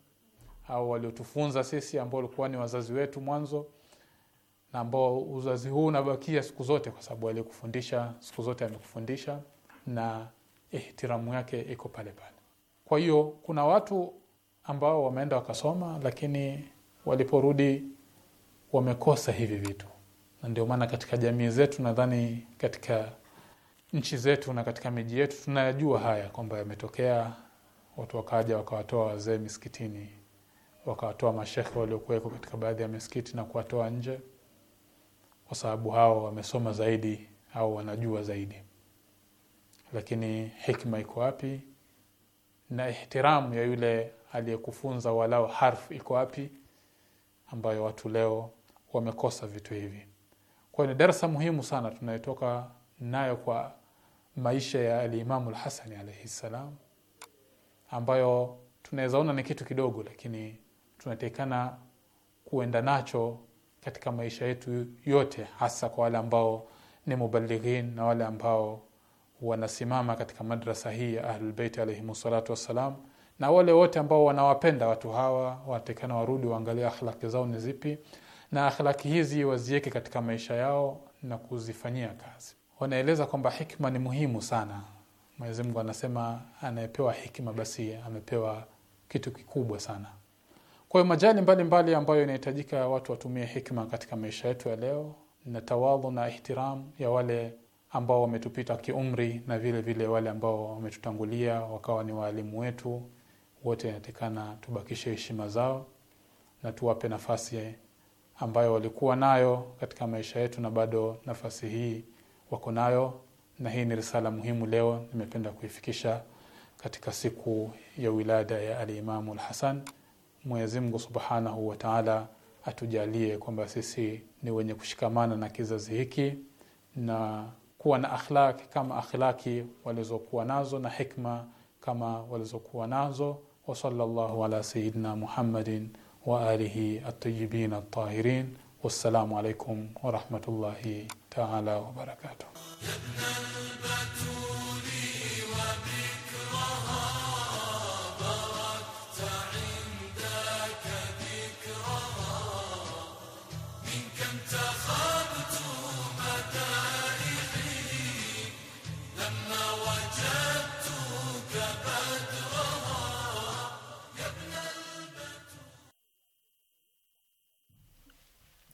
au waliotufunza sisi ambao walikuwa ni wazazi wetu mwanzo na ambao uzazi huu unabakia siku zote kwa sababu aliyekufundisha siku zote amekufundisha na ihtiramu yake iko pale pale kwa hiyo kuna watu ambao wameenda wakasoma lakini waliporudi wamekosa hivi vitu na ndio maana katika jamii zetu nadhani katika nchi zetu na katika miji yetu tunayajua haya kwamba yametokea watu wakaja wakawatoa wazee misikitini wakawatoa mashekhe waliokuweko katika baadhi ya misikiti na kuwatoa nje kwa sababu hao wamesoma zaidi au wanajua zaidi lakini hikma iko wapi na ihtiramu ya yule aliyekufunza walau harfu iko wapi ambayo watu leo wamekosa vitu hivi hiyo ni darsa muhimu sana tunayotoka nayo kwa maisha ya alimamu lhasani alaihi ssalam ambayo tunaweza ona ni kitu kidogo lakini tunatakikana kuenda nacho katika maisha yetu yote hasa kwa wale ambao ni mubalighin na wale ambao wanasimama katika madrasa hii ya ahlulbeiti alaihimu salatu wassalam na wale wote ambao wanawapenda watu hawa watekana warudi waangalie akhlaki zao ni zipi na akhlaki hizi waziweke katika maisha yao na kuzifanyia kazi wanaeleza kwamba hikma ni muhimu sana mwenyezi mungu anasema anayepewa hikma basi amepewa kitu kikubwa sana kwa hiyo majali mbalimbali mbali ambayo inahitajika watu watumie hikma katika maisha yetu ya leo na tawadhu na ihtiram ya wale ambao wametupita kiumri na vile vile wale ambao wametutangulia wakawa ni waalimu wetu wote inatakana tubakishe heshima zao na tuwape nafasi ambayo walikuwa nayo katika maisha yetu na bado nafasi hii wako nayo na hii ni risala muhimu leo nimependa kuifikisha katika siku ya wilada ya alimamu lhasan mwenyezi mungu subhanahu wataala atujalie kwamba sisi ni wenye kushikamana na kizazi hiki na kuwa na akhlaki kama akhlaki walizokuwa nazo na hikma kama walizokuwa nazo وصلى الله على سيدنا محمد وآله الطيبين الطاهرين والسلام عليكم ورحمة الله تعالى وبركاته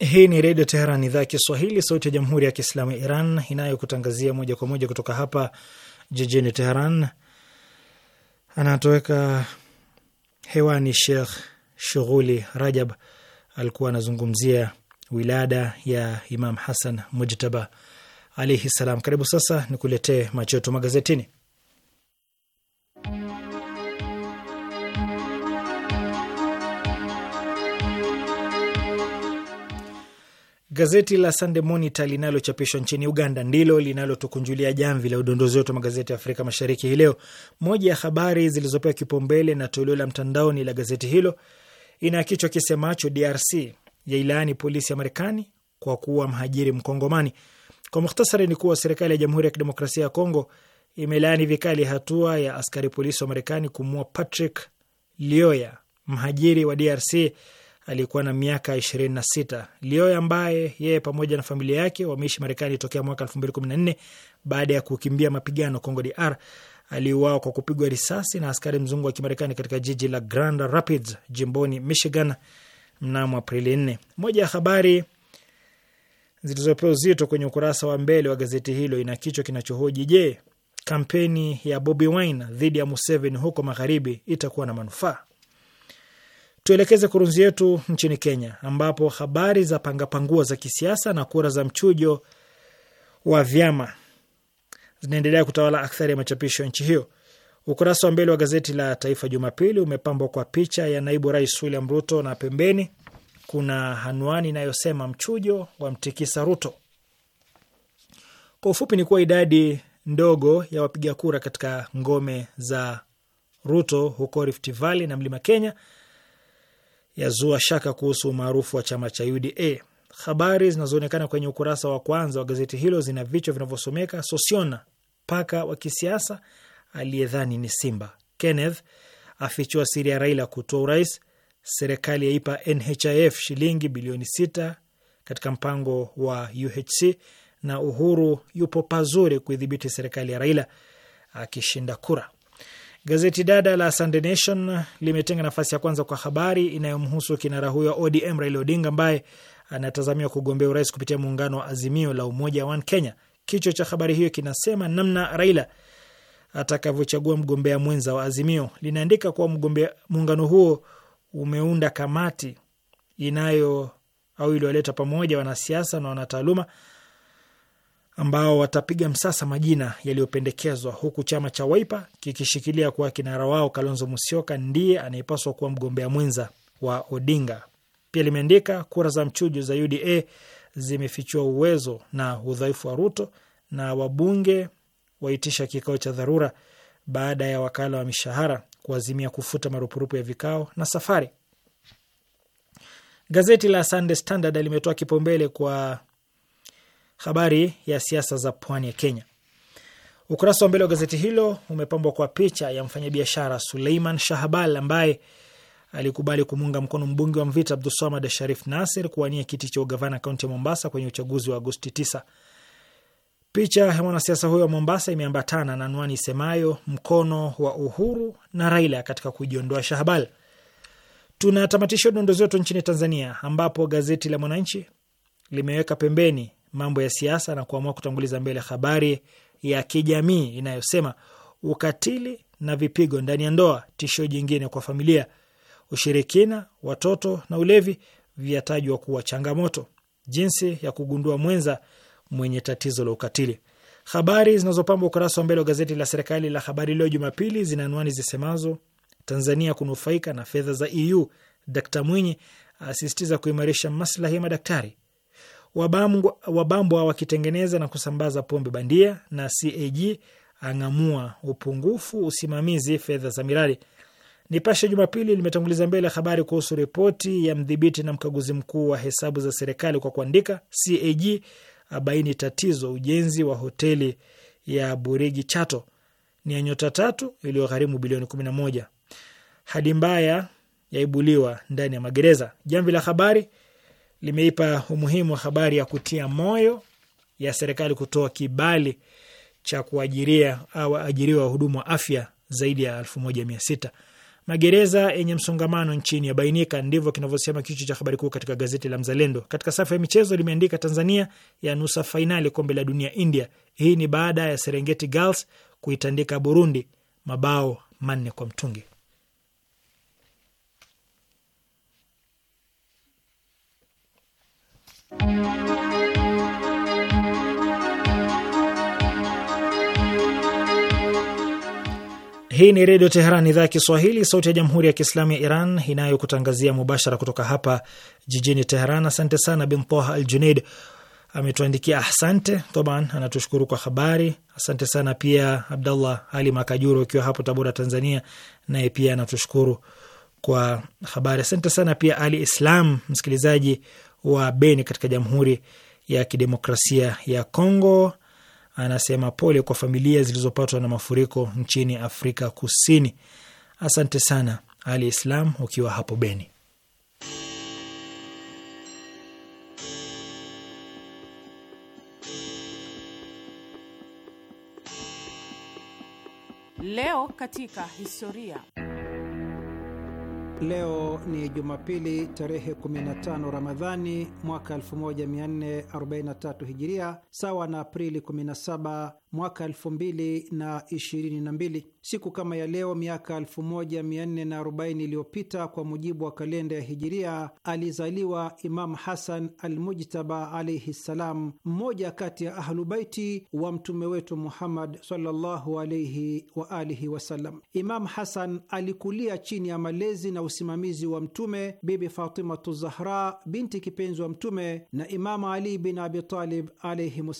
Hii ni Redio Teheran, idhaa ya Kiswahili, sauti ya Jamhuri ya Kiislamu ya Iran, inayokutangazia moja kwa moja kutoka hapa jijini Teheran. Anatoweka hewani Shekh Shughuli Rajab, alikuwa anazungumzia wilada ya Imam Hasan Mujtaba alaihi salam. Karibu sasa ni macho yetu magazetini. Gazeti la Sunday Monitor linalochapishwa nchini Uganda ndilo linalotukunjulia jamvi la udondozi wetu wa magazeti ya Afrika Mashariki hii leo. Moja ya habari zilizopewa kipaumbele na toleo la mtandaoni la gazeti hilo ina kichwa kisemacho DRC yailaani polisi ya Marekani kwa kuwa mhajiri Mkongomani. Kwa muhtasari, ni kuwa serikali ya Jamhuri ya Kidemokrasia ya Kongo imelaani vikali hatua ya askari polisi wa Marekani kumua Patrick Lioya, mhajiri wa DRC aliyekuwa na miaka 26. Lioy ambaye yeye pamoja na familia yake wameishi Marekani tokea mwaka 2014 baada ya kukimbia mapigano Congo DR, aliuawa kwa kupigwa risasi na askari mzungu wa Kimarekani katika jiji la Grand Rapids jimboni Michigan mnamo Aprili 4. Moja ya habari zilizopewa uzito kwenye ukurasa wa mbele wa gazeti hilo ina kichwa kinachohoji je, kampeni ya Bobi Wine dhidi ya Museveni huko magharibi itakuwa na manufaa? Tuelekeze kurunzi yetu nchini Kenya, ambapo habari za pangapangua za kisiasa na kura za mchujo wa vyama zinaendelea kutawala akthari ya machapisho nchi hiyo. Ukurasa wa mbele wa gazeti la Taifa Jumapili umepambwa kwa picha ya naibu rais William Ruto na pembeni kuna hanuani inayosema mchujo wa mtikisa Ruto. Kwa ufupi ni kuwa idadi ndogo ya wapiga kura katika ngome za Ruto huko Rift Valley na Mlima Kenya yazua shaka kuhusu umaarufu wa chama cha UDA. Habari zinazoonekana kwenye ukurasa wa kwanza wa gazeti hilo zina vichwa vinavyosomeka: Sosiona paka wa kisiasa aliyedhani ni simba, Kenneth afichua siri ya Raila kutoa urais, serikali yaipa NHIF shilingi bilioni sita katika mpango wa UHC, na Uhuru yupo pazuri kuidhibiti serikali ya Raila akishinda kura. Gazeti dada la Sunday Nation limetenga nafasi ya kwanza kwa habari inayomhusu kinara huyo ODM Raila Odinga ambaye anatazamiwa kugombea urais kupitia muungano wa Azimio la Umoja One Kenya. Kichwa cha habari hiyo kinasema namna Raila atakavyochagua mgombea mwenza wa Azimio. Linaandika kuwa mgombea muungano huo umeunda kamati inayo au iliyoleta pamoja wanasiasa na wanataaluma ambao watapiga msasa majina yaliyopendekezwa, huku chama cha Waipa kikishikilia kuwa kinara wao Kalonzo Musyoka ndiye anayepaswa kuwa mgombea mwenza wa Odinga. Pia limeandika kura za mchujo za UDA zimefichua uwezo na udhaifu wa Ruto, na wabunge waitisha kikao cha dharura baada ya wakala wa mishahara kuazimia kufuta marupurupu ya vikao na safari. Gazeti la Sunday Standard limetoa kipaumbele kwa habari ya siasa za pwani ya Kenya. Ukurasa wa mbele wa gazeti hilo umepambwa kwa picha ya mfanyabiashara Suleiman Shahbal ambaye alikubali kumuunga mkono mbunge wa Mvita Abdulsamad Sharif Nasir kuwania kiti cha ugavana kaunti ya Mombasa kwenye uchaguzi wa Agosti 9. Picha ya mwanasiasa huyo wa Mombasa imeambatana na anwani isemayo mkono wa Uhuru na Raila katika kujiondoa Shahbal. Tunatamatisha udondozi wetu nchini Tanzania, ambapo gazeti la Mwananchi limeweka pembeni mambo ya siasa na kuamua kutanguliza mbele habari ya kijamii inayosema ukatili na vipigo ndani ya ndoa tishio jingine kwa familia. Ushirikina, watoto na ulevi vyatajwa kuwa changamoto. Jinsi ya kugundua mwenza mwenye tatizo la ukatili. Habari zinazopamba ukurasa wa mbele wa gazeti la serikali la Habari Leo Jumapili zina anwani zisemazo: Tanzania kunufaika na fedha za EU, Dkt Mwinyi asisitiza kuimarisha maslahi ya madaktari wabambwa wakitengeneza na kusambaza pombe bandia, na CAG ang'amua upungufu usimamizi fedha za miradi. Nipashe Jumapili limetanguliza mbele habari kuhusu ripoti ya mdhibiti na mkaguzi mkuu wa hesabu za serikali kwa kuandika, CAG abaini tatizo ujenzi wa hoteli ya Burigi Chato ni ya nyota tatu iliyogharimu bilioni kumi na moja. Hali mbaya yaibuliwa ndani ya magereza. Jamvi la habari limeipa umuhimu wa habari ya kutia moyo ya serikali kutoa kibali cha kuajiria au ajiriwa wahudumu wa afya zaidi ya elfu moja mia sita. Magereza yenye msongamano nchini yabainika, ndivyo kinavyosema kichwa cha habari kuu katika gazeti la Mzalendo. Katika safu ya michezo limeandika Tanzania ya nusa fainali kombe la dunia India. Hii ni baada ya Serengeti Girls kuitandika Burundi mabao manne kwa mtungi. Hii ni Redio Teheran, idhaa ya Kiswahili, sauti ya Jamhuri ya Kiislamu ya Iran inayokutangazia mubashara kutoka hapa jijini Teheran. Asante sana. Bintoha Al junaid ametuandikia asante toban, anatushukuru kwa habari. Asante sana pia Abdallah Ali Makajuru akiwa hapo Tabora, Tanzania, naye pia anatushukuru kwa habari. Asante sana pia Ali Islam, msikilizaji wa Beni katika Jamhuri ya Kidemokrasia ya Kongo anasema pole kwa familia zilizopatwa na mafuriko nchini Afrika Kusini. Asante sana Ali Islam ukiwa hapo Beni. Leo katika historia Leo ni Jumapili tarehe 15 Ramadhani mwaka 1443 Hijiria, sawa na Aprili 17 mwaka mbili. Siku kama ya leo miaka 1440 iliyopita kwa mujibu wa kalenda ya Hijiria, alizaliwa Imam Hasan al mujtaba alaihi ssalam, mmoja kati ya Ahlubaiti wa mtume wetu Muhammad sallallahu alaihi wa alihi wasallam. Imam Hasan alikulia chini ya malezi na usimamizi wa Mtume, Bibi Fatimatu Zahra binti kipenzi wa Mtume na Imamu Ali bin Abitalib alaihim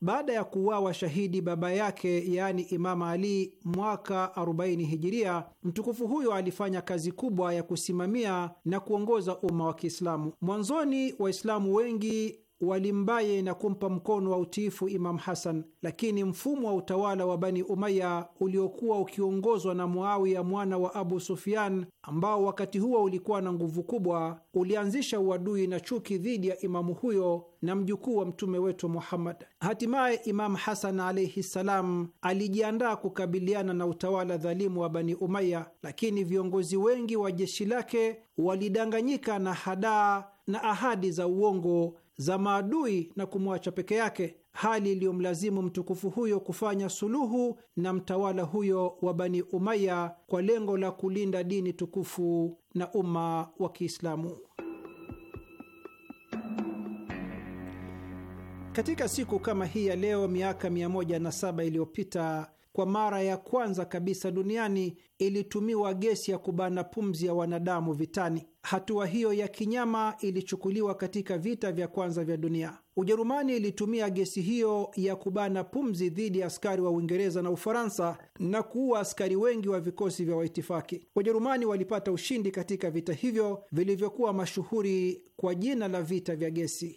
Baada ya kuwawa shahidi aliyemuahidi baba yake, yaani imama Ali, mwaka 40 Hijiria, mtukufu huyo alifanya kazi kubwa ya kusimamia na kuongoza umma wa Kiislamu. Mwanzoni Waislamu wengi walimbaye na kumpa mkono wa utiifu Imam Hasan, lakini mfumo wa utawala wa Bani Umaya uliokuwa ukiongozwa na Muawiya mwana wa Abu Sufyan, ambao wakati huo ulikuwa na nguvu kubwa, ulianzisha uadui na chuki dhidi ya imamu huyo na mjukuu wa mtume wetu Muhammad. Hatimaye Imam Hasan alaihi ssalam alijiandaa kukabiliana na utawala dhalimu wa Bani Umaya, lakini viongozi wengi wa jeshi lake walidanganyika na hadaa na ahadi za uongo za maadui na kumwacha peke yake, hali iliyomlazimu mtukufu huyo kufanya suluhu na mtawala huyo wa Bani Umaya kwa lengo la kulinda dini tukufu na umma wa Kiislamu. Katika siku kama hii ya leo miaka 107 iliyopita, kwa mara ya kwanza kabisa duniani ilitumiwa gesi ya kubana pumzi ya wanadamu vitani. Hatua hiyo ya kinyama ilichukuliwa katika vita vya kwanza vya dunia. Ujerumani ilitumia gesi hiyo ya kubana pumzi dhidi ya askari wa Uingereza na Ufaransa na kuua askari wengi wa vikosi vya Waitifaki. Wajerumani walipata ushindi katika vita hivyo vilivyokuwa mashuhuri kwa jina la vita vya gesi.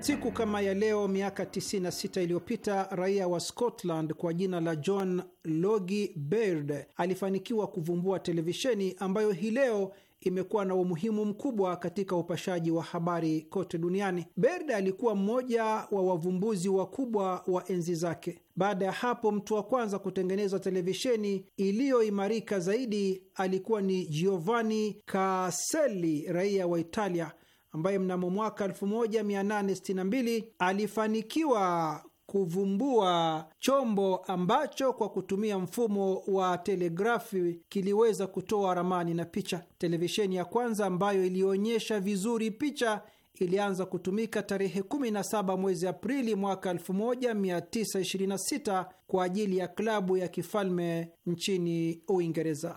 Siku kama ya leo miaka 96 iliyopita raia wa Scotland kwa jina la John Logie Baird alifanikiwa kuvumbua televisheni ambayo hii leo imekuwa na umuhimu mkubwa katika upashaji wa habari kote duniani. Baird alikuwa mmoja wa wavumbuzi wakubwa wa enzi zake. Baada ya hapo, mtu wa kwanza kutengeneza televisheni iliyoimarika zaidi alikuwa ni Giovanni Caselli, raia wa Italia ambaye mnamo mwaka 1862 alifanikiwa kuvumbua chombo ambacho kwa kutumia mfumo wa telegrafi kiliweza kutoa ramani na picha. Televisheni ya kwanza ambayo ilionyesha vizuri picha ilianza kutumika tarehe 17 mwezi Aprili mwaka 1926 kwa ajili ya klabu ya kifalme nchini Uingereza.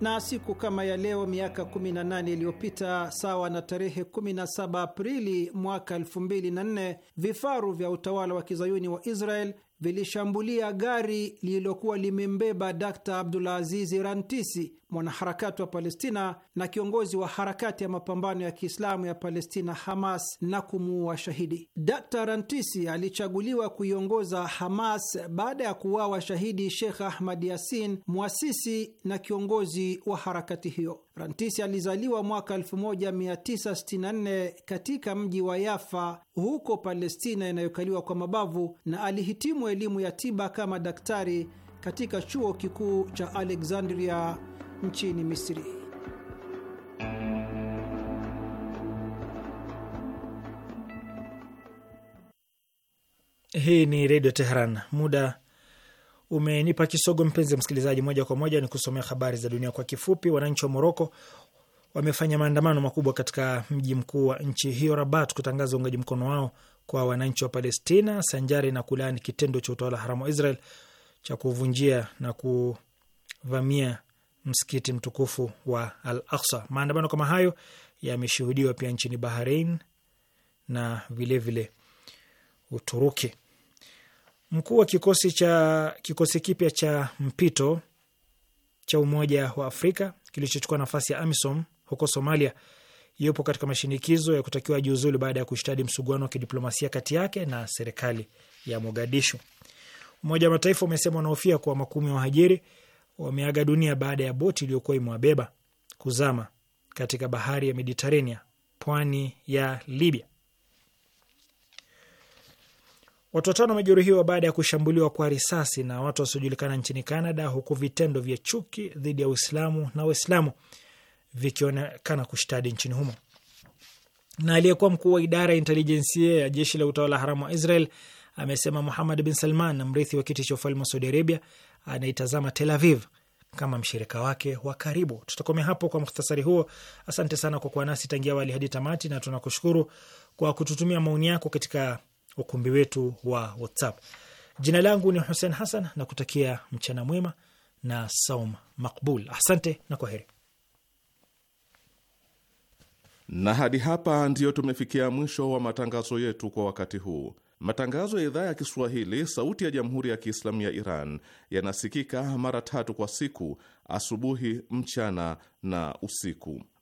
na siku kama ya leo miaka 18 iliyopita, sawa na tarehe 17 Aprili mwaka 2004, vifaru vya utawala wa kizayuni wa Israel vilishambulia gari lililokuwa limembeba abdul azizi Rantisi, mwanaharakati wa Palestina na kiongozi wa harakati ya mapambano ya Kiislamu ya Palestina, Hamas, na kumuua shahidi. d Rantisi alichaguliwa kuiongoza Hamas baada ya kuuawa shahidi Sheikh Ahmad Yasin, mwasisi na kiongozi wa harakati hiyo. Rantisi alizaliwa mwaka 1964 katika mji wa Yafa huko Palestina inayokaliwa kwa mabavu na alihitimu elimu ya tiba kama daktari katika chuo kikuu cha Alexandria nchini Misri. Hii ni Redio Teheran. Muda umenipa kisogo, mpenzi msikilizaji. Moja kwa moja ni kusomea habari za dunia kwa kifupi. Wananchi wa Moroko wamefanya maandamano makubwa katika mji mkuu wa nchi hiyo Rabat kutangaza uungaji mkono wao kwa wananchi wa Palestina sanjari na kulaani kitendo cha utawala haramu wa Israel cha kuvunjia na kuvamia msikiti mtukufu wa Al Aksa. Maandamano kama hayo yameshuhudiwa pia nchini Bahrain na vilevile vile Uturuki. Mkuu wa kikosi cha kikosi kipya cha mpito cha Umoja wa Afrika kilichochukua nafasi ya AMISOM huko Somalia yupo katika mashinikizo ya kutakiwa juuzuli baada ya kushtadi msuguano wa kidiplomasia kati yake na serikali ya Mogadishu. Umoja wa Mataifa umesema wanahofia kuwa makumi ya wahajiri wameaga dunia baada ya boti iliyokuwa imewabeba kuzama katika bahari ya Mediterania, pwani ya Libya. Watu watano wamejeruhiwa baada ya kushambuliwa kwa risasi na watu wasiojulikana nchini Canada, huku vitendo vya chuki dhidi ya Uislamu na Waislamu vikionekana kushtadi nchini humo. Na aliyekuwa mkuu wa idara ya intelijensia ya jeshi la utawala haramu wa Israel amesema Muhammad bin Salman na mrithi wa kiti cha ufalme wa Saudi Arabia anaitazama Tel Aviv kama mshirika wake wa karibu. Tutakomea hapo kwa mukhtasari huo. Asante sana kwa kuwa nasi tangia awali hadi tamati, na tunakushukuru kwa kututumia maoni yako katika ukumbi wetu wa WhatsApp. Jina langu ni Hussein Hassan na kutakia mchana mwema na saum makbul. Asante na kwa heri Na hadi hapa ndiyo tumefikia mwisho wa matangazo yetu kwa wakati huu. Matangazo ya idhaa ya Kiswahili sauti ya jamhuri ya Kiislamu ya Iran yanasikika mara tatu kwa siku: asubuhi, mchana na usiku.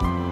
you